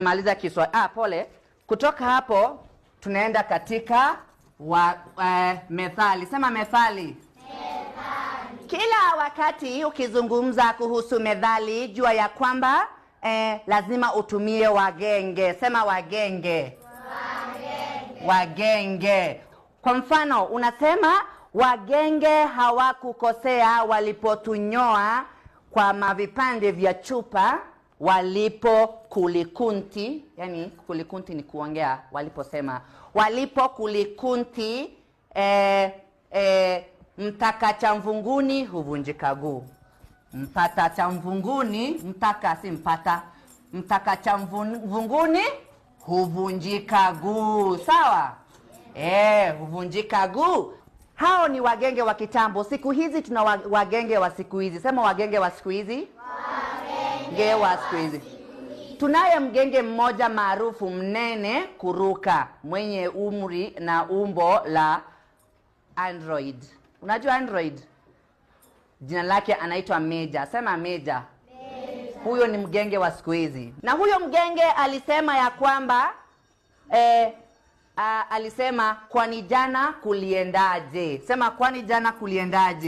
Maliza Kiswahili. Ah, pole. Kutoka hapo tunaenda katika wa, eh, methali. Sema methali. Methali. Kila wakati ukizungumza kuhusu methali jua ya kwamba eh, lazima utumie wagenge. Sema wagenge. Wagenge. Wagenge. Kwa mfano unasema wagenge hawakukosea walipotunyoa kwa mavipande vya chupa walipo kulikunti, yani kulikunti ni kuongea, waliposema walipo kulikunti eh, eh, mtaka cha mvunguni huvunjika guu. Mpata cha mvunguni, mtaka si mpata, mtaka cha mvunguni huvunjika guu, sawa e, huvunjika guu. Hao ni wagenge wa kitambo. Siku hizi tuna wagenge wa siku hizi, sema wagenge wa siku hizi, wagenge wa siku hizi Tunaye mgenge mmoja maarufu mnene kuruka mwenye umri na umbo la android. Unajua android? Jina lake anaitwa Meja. Sema Meja. Huyo ni mgenge wa siku hizi, na huyo mgenge alisema ya kwamba eh, a, alisema kwani jana kuliendaje? Sema kwani jana kuliendaje?